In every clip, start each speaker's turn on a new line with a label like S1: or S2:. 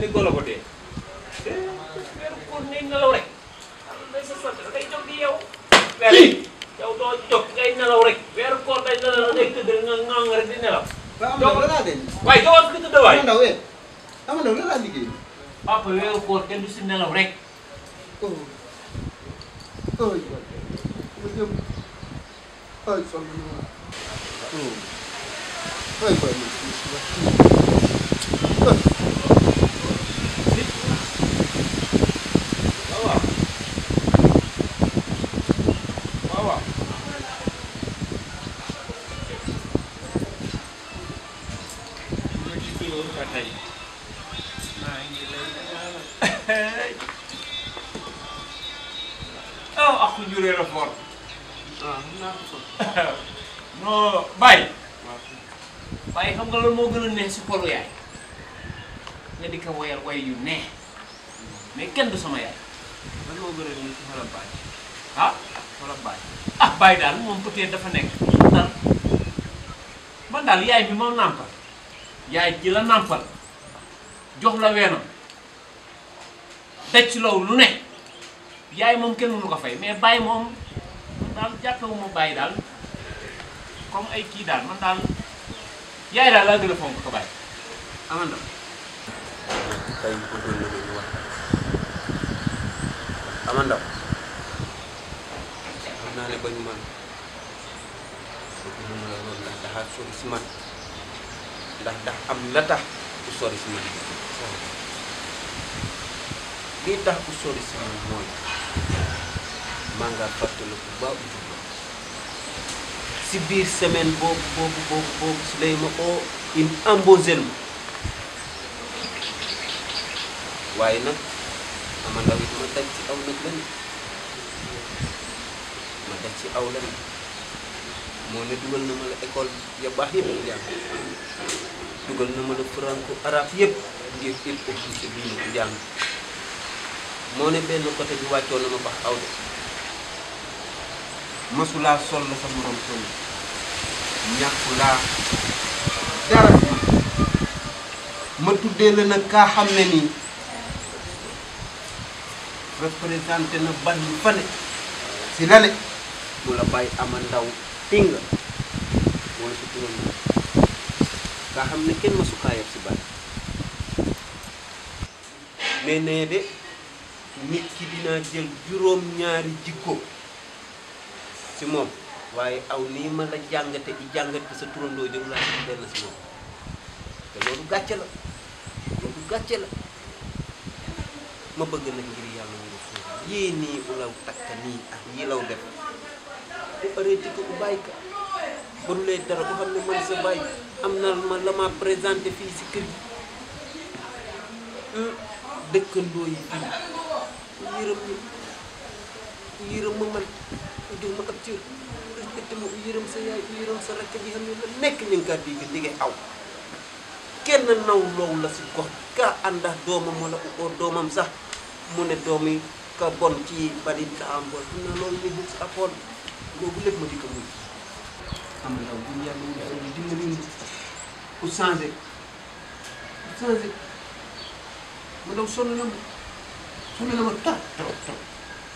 S1: mel ni golo ko dee weeru koor ngay nelaw rek day sa sant dangay jóg di yow weer yow doo jóg ngay nelaw rek weeru koor day nelaw rek tëdd nga ngang rek di nelaw donc la de waay doo ko tëdd waay ndaw
S2: wé ama ndaw la
S1: liggéey papa weeru koor kenn du si nelaw rek oh oh
S2: ay fan oh ay fan
S1: la for. xam nga loolu moo gën a neex si xolu yaay nga di ko woyal way yu neex mais kenn du sama yaay. lan moo gën a neex si xolam Baye. ah, ah daal moom peut dafa nekk man daal yaay bi moo nàmpal yaay ji la nàmpal jox la weenam daj ci lu ne yaay moom kenn mënu ko fay mais Baye moom. jakk mo bàyyi dal comme ay ki dal man dal yaay dal la gëna fonk ko bàyyi amana tay ko do ñu wax amana
S2: xam ne bañ man bëgg na loolu ndax daxaa dah am la maa nga fàttaliku la si biir semaine boobu boobu boobu boobu su lay ma oo in embauché ma waaye nag ama ndaw ma daj ci aw nag lan ma daj ci aw lan moo ne dugal na ma la école ya baax yëpp ñu na ma la franco arabe yëpp ngir jàng moo ne benn côté bi wàccoo na ma bax aw de masulaa sol la sa morom sol ñàkkulaa dara ma tuddee la nag kaa xam ne nii représenté na ban fane si la ne mu la bàyyi ama ndaw tinga wala si turam kaa xam ne kenn mësu kaa yab si bàyyi mais de nit ki dinaa jël juróom-ñaari jikko ci moom waaye aw nii ma la jàngate di jàngat sa turandoo jëm laa ci benn si moom te loolu gàcce la loolu gàcce la ma bëgg nag ngir yàlla ñu def yéen nii ulaw takk nii ak yi law def ku arrêté ko ku bàyyi ba du lay dara ku xam ne man sa bàyyi am na ma la ma présenté fii si kër gi hmm, dëkkandoo yi fii yërëm ñu yërëm ma man udah ab ciir ketemu ma saya, sa yaay yërëm sa rakk bi xam ne aw kenn naw loow la si gox ka àndax doomam wala oo doomam sax mu ne ka bon ci bari ka am na loolu ñu si appoon loolu di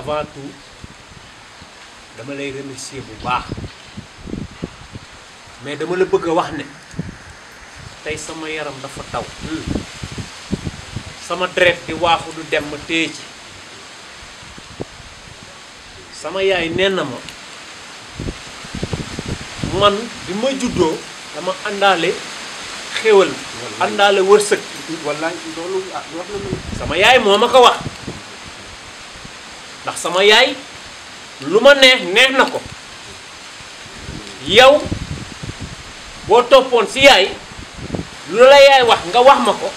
S1: avant tout dama lay remercier bu baax mais dama la bëgg wax ne tay sama yaram dafa taw hmm. sama deret di waxu du dem ma ci sama yaay nee ma man bi ma juddo dama àndaale xéwal àndaale wërseuk wallaay loolu wax ah, na sama yaay moo ko wax ndax sama yaay lu ma neex neex na ko yow boo toppoon si yaay lu la yaay wax nga wax ma ko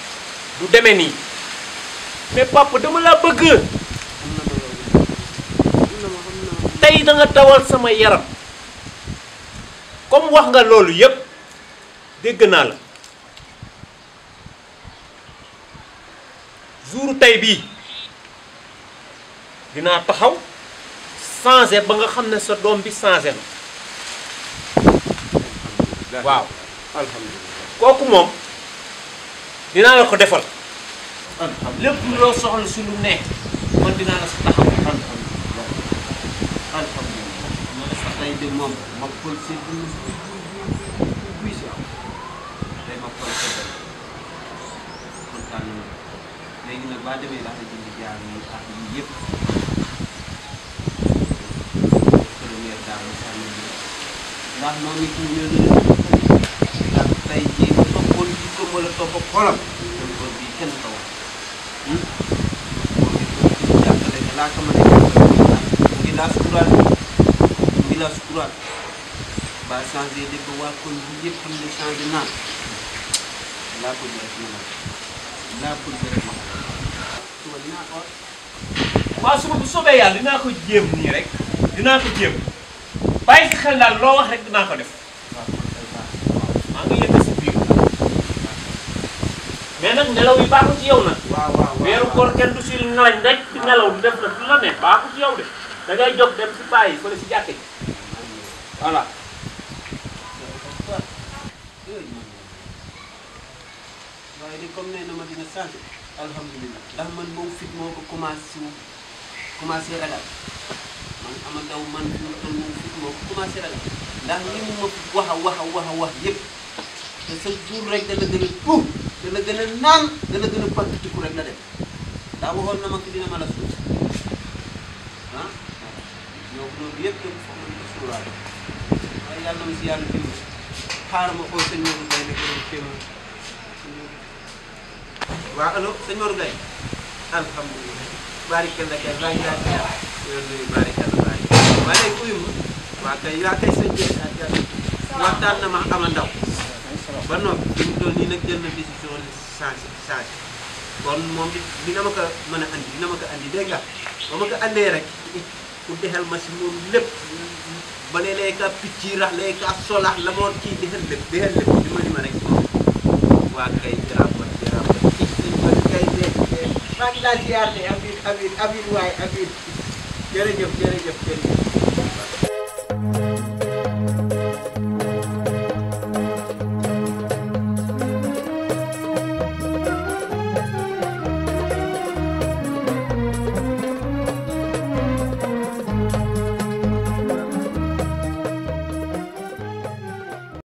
S1: du demee nii mais papa dama la bëgg tey danga tawal sama yaram comme wax nga loolu yépp dégg naa la jour tey bii dinaa taxaw changé ba nga xam ne sa doom bi changé na waaw ko defal lépp loo soxla si lu
S2: jaamu sànni bi ndax moom it ñu ñëw ñu ko
S1: mën a rek ko bàyyi ci xel daal loo wax rek dinaa ko def maa ngi yëg si biir mais nag nelaw yi baaxul yow nag. weeru koor kenn du si ngalañ rek nelaw du def nag du la ne baaxul ci yow de da ngay dem
S2: si bàyyi fële si de comme nee na ma dina sant alhamdulilah ndax man moom fit moo ko commencé commencé ragal. man ama ndaw man fi ma wax a wax a wax a wax yëpp te sa jur rek dana gën a tuub dana gën a naan dana gën a pàkkatiku rek la def ndax na ma ko ma la suuf ah ñoo ko loolu yëpp yëpp foog nañu ko suuraale waaye yàlla na si yàlla jiw xaaral ma oo sëñ Modou Gueye ne ko doon féema waaw allo sëñ Modou Gueye alhamdulilah barikalla kay kay yaa kay sëñ bi waxtaan na ma ama ndaw ba noppi fi nii nag jël na décision changé changé kon moom dina ma ko mën a andi dina ma ko andi dégg nga ba ma ko rek ku dexal ma si moom lépp ba léeg-léeg ka picc rax léeg ka solax la moo kii dexal lépp dexal ma li ma rek waa kay jaraafat jaraafat ci suñ kay dégg maa ngi laa ziar ne Habib Habib Habib waay Habib jërëjëf jërëjëf